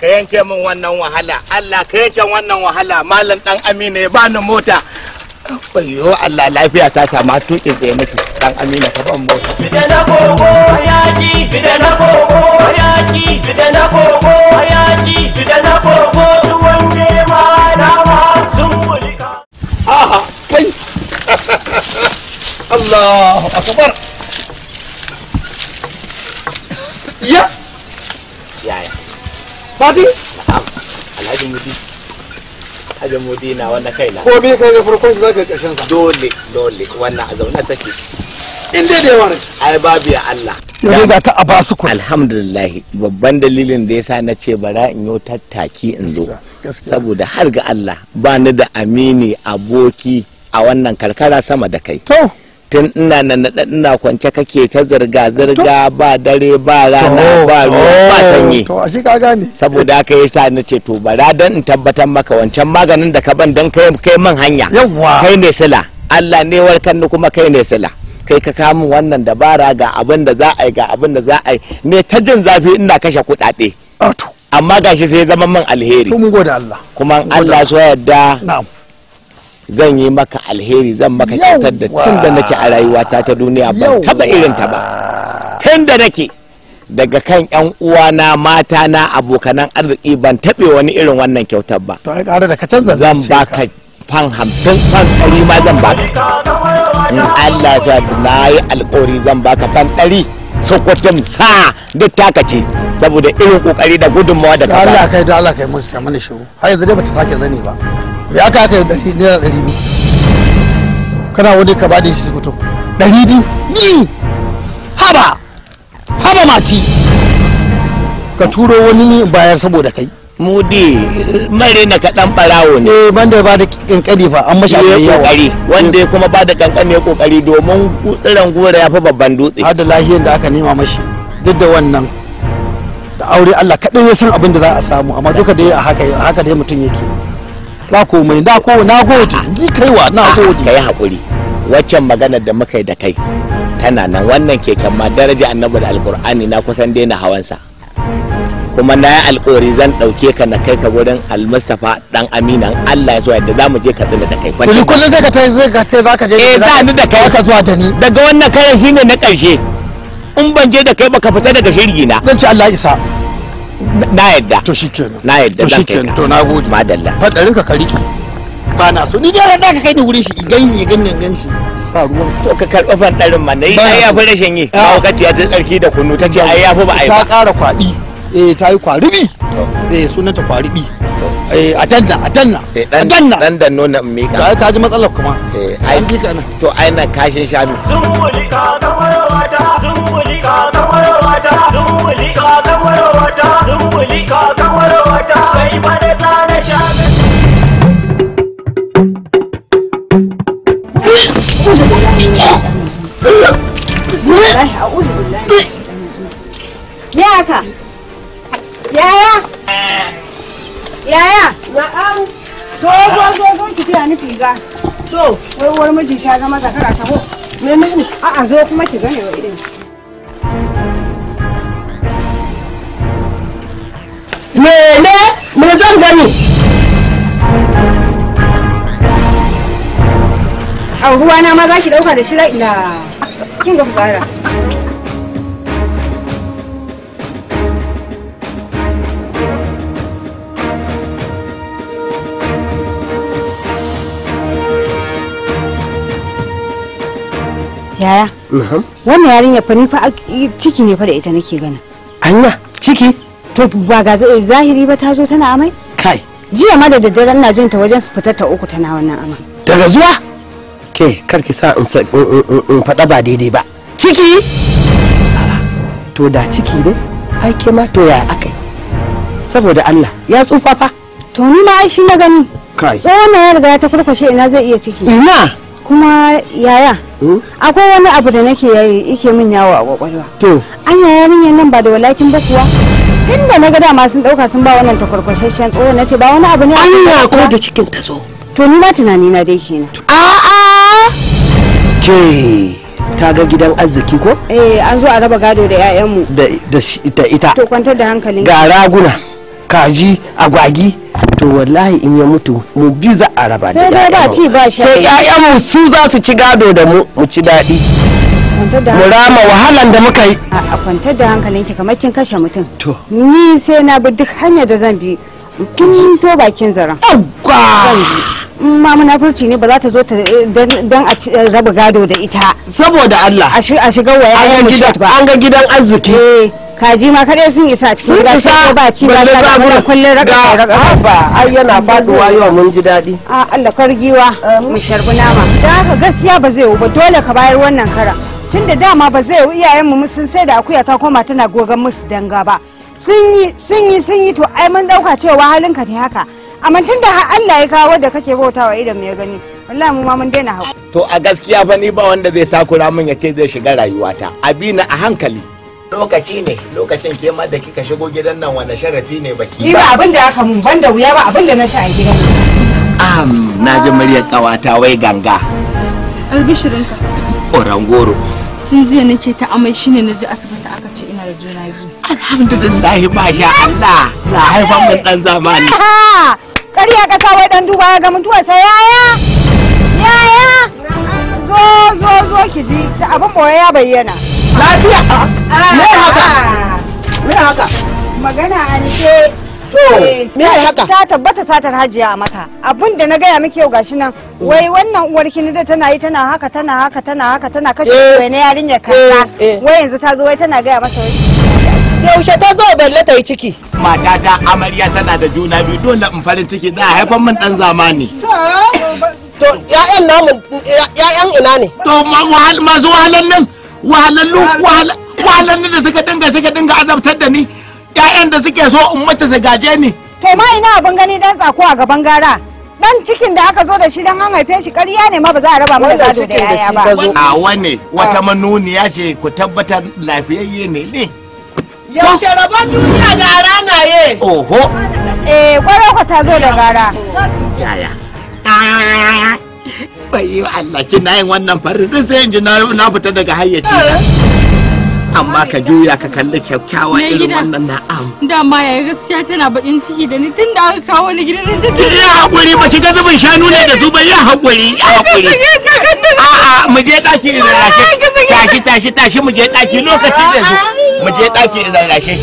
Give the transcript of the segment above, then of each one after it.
ka yanke min wannan wahala Allah ka yanke wannan wahala malam dan Amina ya bani mota Ayyo Allah lafiya ta sama tuƙin tsaye dan Amina ka ban mota Bida na gogo yaki bida na gogo yaki bida na gogo yaki bida na gogo tuwon ma na ma sun mulika Aha kai Allahu akbar yeah. Fati? Alhaji Mudi. Alhaji Mudi na wannan kaina. Ko bai kai ga farkon su zaka karshen sa. Dole, dole wannan a zauna take. In dai da yawar. Ai babu ya Allah. Ya riga ta a basu ku. Alhamdulillah babban dalilin da yasa na ce bara in yo tattaki in zo. Saboda har ga Allah ba ni da amini aboki a wannan karkara sama da kai. To. tun ina na naɗa ina kwance kake ta zirga-zirga ba dare ba rana ba ruwa ba sanyi to a shi ka gane saboda haka ya sa na ce to bara dan in tabbatar maka wancan maganin da ka ban dan kai kai man hanya yawa kai ne sila Allah ne warkan ni kuma kai ne sila kai ka kamun wannan dabara ga abin da za a yi ga abin da za a yi ne ta jin zafi ina kashe kuɗaɗe amma gashi sai zama man alheri kuma Allah so yarda na'am zan yi maka alheri zan maka kyautar da tun da nake a rayuwata ta duniya ban taba irin ta ba tun da nake daga kan yan uwana mata na abokanan arziki ban taɓe wani irin wannan kyautar ba to ai da ka canza zan baka fan hamsin fan ɗari ma zan baka in Allah ya na yi alƙawari zan baka fan ɗari sokotin sa duk taka ce saboda irin ƙoƙari da gudunmawa da ka Allah kai da Allah kai mun mana shiru har yanzu dai ta sake zani ba me aka aka yi naira ɗari biyu kana wani ka bada shi fito ɗari biyu ni haba haba mati ka turo wani ni bayar saboda kai mudi mare na kaɗan ɓarawo ne eh banda ba da kankani fa an mashi abin yawa wanda ya kuma ba da kankani ya kokari domin tsiran gora ya fi babban dutse har da lahiyar da aka nema mashi duk da wannan da aure Allah kaɗai ya san abin da za a samu amma duka dai a haka dai mutum yake ba komai na ko na gode ji kaiwa na gode kai hakuri waccan magana da muka yi da kai tana nan wannan keken ma daraja annabi da alkur'ani na kusan daina hawansa kuma na yi alkawari zan ɗauke ka na kai ka gurin almustafa dan amina allah ya so yadda za mu je ka tsina da kai tuni kullum sai ka ta sai ka ce za ka je eh za ni da kai ka zuwa da ni daga wannan kayan shine na ƙarshe in ban je da kai ba ka fita daga shirgi na zan ci allah isa na yadda to shikenan na yadda to shikenan to nagode madalla fadarin ka kari ba na so ni dai da ka kai ni wurin shi idan ya ganin gan shi ba ruwan to ka karɓa fadarin ma nayi ai yafi rashin yi ba ah. kace ta tsarki da kunu ta tace ai yafi ba ai ba ta ƙara kwaɗi eh ta yi kwaribi eh ta kwaribi eh a danna a danna eh, dan dan nona mika ka ji matsalar kuma eh ai to ai na kashin shanu sun wuri ka kuli kakan wata, kai mana zana shaga Me Yaya? Yaya? Na'am. To zo ki tiya ni figa. To, wai war miji ta zama zakara taho. Me ne? A'a zo kuma ki gane wa irin. mene me zan gani a na ma za ki dauka da shi ina kin ga fitsara yaya wannan yarinya fa ni fa ciki ne fa da ita nake ganin anya ciki to ba ga eh, zahiri ba ta zo tana amai kai jiya ma da ina jin ta wajen su fitar ta uku tana wannan amai daga zuwa ke kar ki sa in faɗa ba daidai ba ciki to da ciki dai ai ke ma to ya akai saboda Allah ya tsufa fa to ni ma shi na gani kai tsohon ya riga ta kurkwashe ina zai iya ciki ina kuma yaya hmm? akwai wani abu da nake yayi yake min yawo a kwakwalwa to an yaya min nan ba da walakin ba kuwa inda na ga dama sun dauka sun ba wannan takwarkwashashen tsoro na ce ba wani abu ne an ko da cikin ta zo to ni ma tunani na dai kenan a'a ke ta ga gidan arziki ko eh an zo a raba gado da 'ya'yanmu da ita to kwantar da hankalin ga raguna kaji agwagi to wallahi in ya mutu mu biyu za a raba da 'ya'yanmu sai 'ya'yanmu su za su ci gado da mu mu ci daɗi Murama wahalan da muka yi. A kwantar da ki kamar kin kashe mutum. To. Ni sai na bi duk hanyar da zan bi. Kin to bakin zaren. Yawwa! ma munafurci ne ba za ta zo ta eh, dan a eh, raba gado da ita saboda Allah a shiga waya an ga gidan an ga gidan arziki eh, kaji ma kadai sun isa cikin gida sai ba ci ba ta da kullun raka raka ba ai yana faduwa yau mun ji dadi a Allah kargiwa mu sharbi nama da haka gaskiya ba zai yi ba dole ka bayar wannan karan tun da dama ba zai yi iyayenmu mu sun sai da akuya ta koma tana gogan musu danga ba sun yi sun yi sun yi to ai mun dauka cewa halinka ne haka amma tun da har Allah ya kawo da kake bautawa idan ya gani wallahi mu ma mun daina haƙu to a gaskiya fa ni ba wanda zai takura min ya ce zai shiga rayuwata abina a hankali lokaci ne lokacin ke ma da kika shigo gidan nan wanda sharafi ne baki ba abin da aka mun banda wuya ba abin da na ci a gidan am na ji muryar kawata wai ganga albishirinka orangoro tun jiya nake ta amai shine na je asibiti aka ce ina da juna biyu alhamdulillah sha Allah na haifa mun dan zamani ƙarya ƙasa wai dan duba ya ga mutuwa sai yaya yaya zo zo zo ki ji da abin boye ya bayyana lafiya ah! me haka ah! me haka magana a nike To, eh, me ai haka? Ta tabbata satar hajiya a maka. Abin da na gaya miki yau gashi nan, mm. wai wannan uwar kini da tana yi tana haka tana haka tana haka tana kashe eh, wai na yarinyar kaza. Eh, wai yanzu ta zo wai tana gaya masa wai. Yaushe ta zo Bello ta yi ciki. Matata amarya tana da juna biyu dole in farin ciki da haifan min dan zamani. To, ƴaƴan namu ƴaƴan ina ne? To, masu wahalan nan, wahalan wahalan da suka dinga suka dinga azabtar da ni. 'ya'yan da suke so in mata su gaje ni to ma ina abin gani dan tsako a gaban gara dan cikin da aka zo da shi dan an haife shi ƙarya ne ma ba za a raba mana gado da yaya ba nawa ne wata ah. manuniya ce ku tabbatar lafiyayye ne ne yaushe rabon duniya ga na ye oho eh ka ta zo da gara yaya bai yi Allah kina yin wannan farin sai in ji na fita daga hayyaci eh. amma ka juya ka kalli kyakkyawan irin wannan na'am dama ya gaskiya tana bakin ciki da ni tun da aka kawo ni gidan da ta ya hakuri ba ki ga zubin shanu ne da su ba ya hakuri ya hakuri a'a mu je daki idan rashe tashi tashi tashi mu je daki lokaci da su mu je daki idan rashe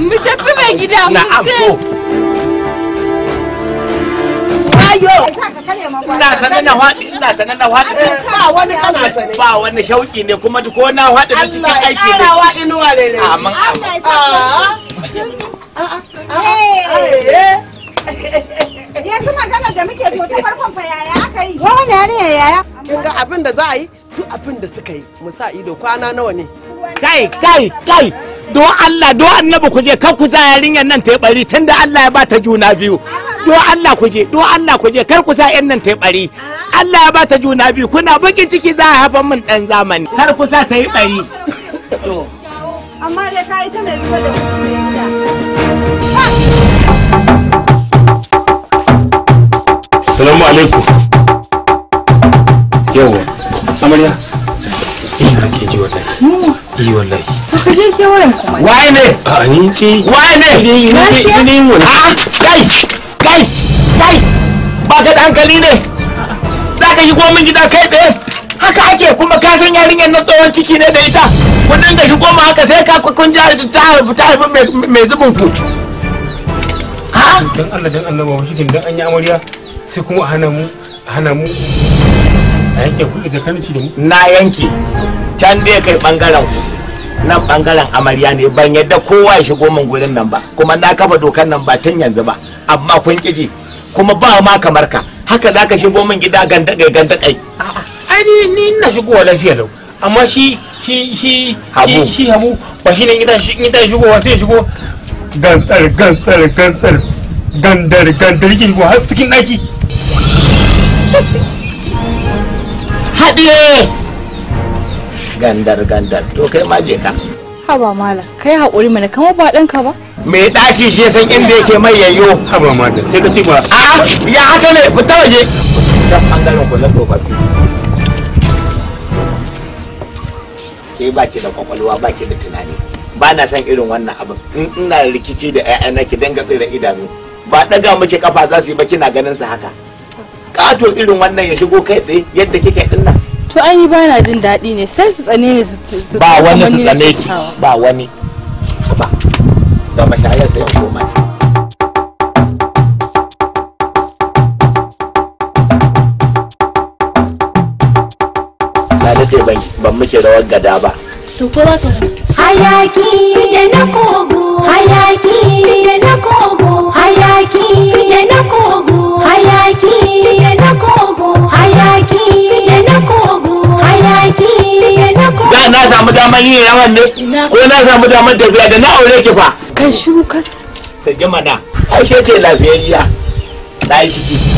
mu tafi mai gida mu sai wayo ina sanar na faɗi ina sanar na faɗi ba wani ana sanar ba wani shauki ne kuma ko na faɗi na cikin aiki ne Allah ya inuwa ne amin amin eh. yanzu magana da muke to ta farkon fa yaya aka yi wani ne yaya kin ga abin da za a yi duk abin da suka yi mu sa ido kwana nawa ne kai kai kai do Allah do annabi ku je kan ku za yarinyar nan ta yi bari tunda Allah ya ba ta juna biyu do Allah ku je do Allah ku je kar ku sa yan nan ta bari Allah ya bata juna biyu kuna bakin ciki za a hafa min dan zamani kar ku sa ta yi bari to amma dai kai ta mai zuwa da Assalamu alaikum. Yawwa, amarya. Ina ke ji wata. Yi wallahi. ka je ke wayan kuma. Waye ne? A ni ce. Waye ne? Ni ne. Ni ne. Ah, kai. ba ka da hankali ne za ka shigo min gida kai tsaye haka ake kuma ka san yarinyar na tsohon ciki ne da ita ku dinga shigo mu haka sai ka kun ta haifi ta haifi mai zubin ku ha dan Allah dan Allah ba shi dan an yi amarya sai kuma hana mu hana mu a yanke kuɗi jakarci da mu na yanke can dai kai bangaren ku nan bangaren amarya ne ban yadda kowa ya shigo min gurin nan ba kuma na kafa dokar nan ba tun yanzu ba amma kun kiji kuma ba ma kamar ka haka za ka shigo min gida ganda kai ganda kai a ni ni ina wa lafiya lau amma shi shi shi habu shi habu ba shi ne ita shi ita wa sai shigo gantsar gantsar gantsar gandar gandar ki shigo har cikin daki haɗiye gandar gandar to kai ma je ka haba mala kai hakuri mana kamar ba dan ka ba mai ɗaki shi san inda yake mai yayyo ma mata sai ka ci ba a ya haka ne fita waje dan bangaren ku na tsofaffi ke ba ki da kwakwalwa ba ki da tunani ba na san irin wannan abin in ina rikici da ƴaƴana ki danga tsira idanu ba daga miki kafa za su yi ba kina ganin su haka kato irin wannan ya shigo kai tsaye yadda kike dinnan to ai ba na jin daɗi ne sai su tsane ne su ba wani su tsane ba wani da na muke rawar gada ba to ko ba hayaki da na kogo hayaki na kogo hayaki na kogo hayaki da na samu daman yin yawan ne ko na samu daman tafiya da na aure ki fa kai shiru ka saki mana ai ke ce lafiyayya ɗaki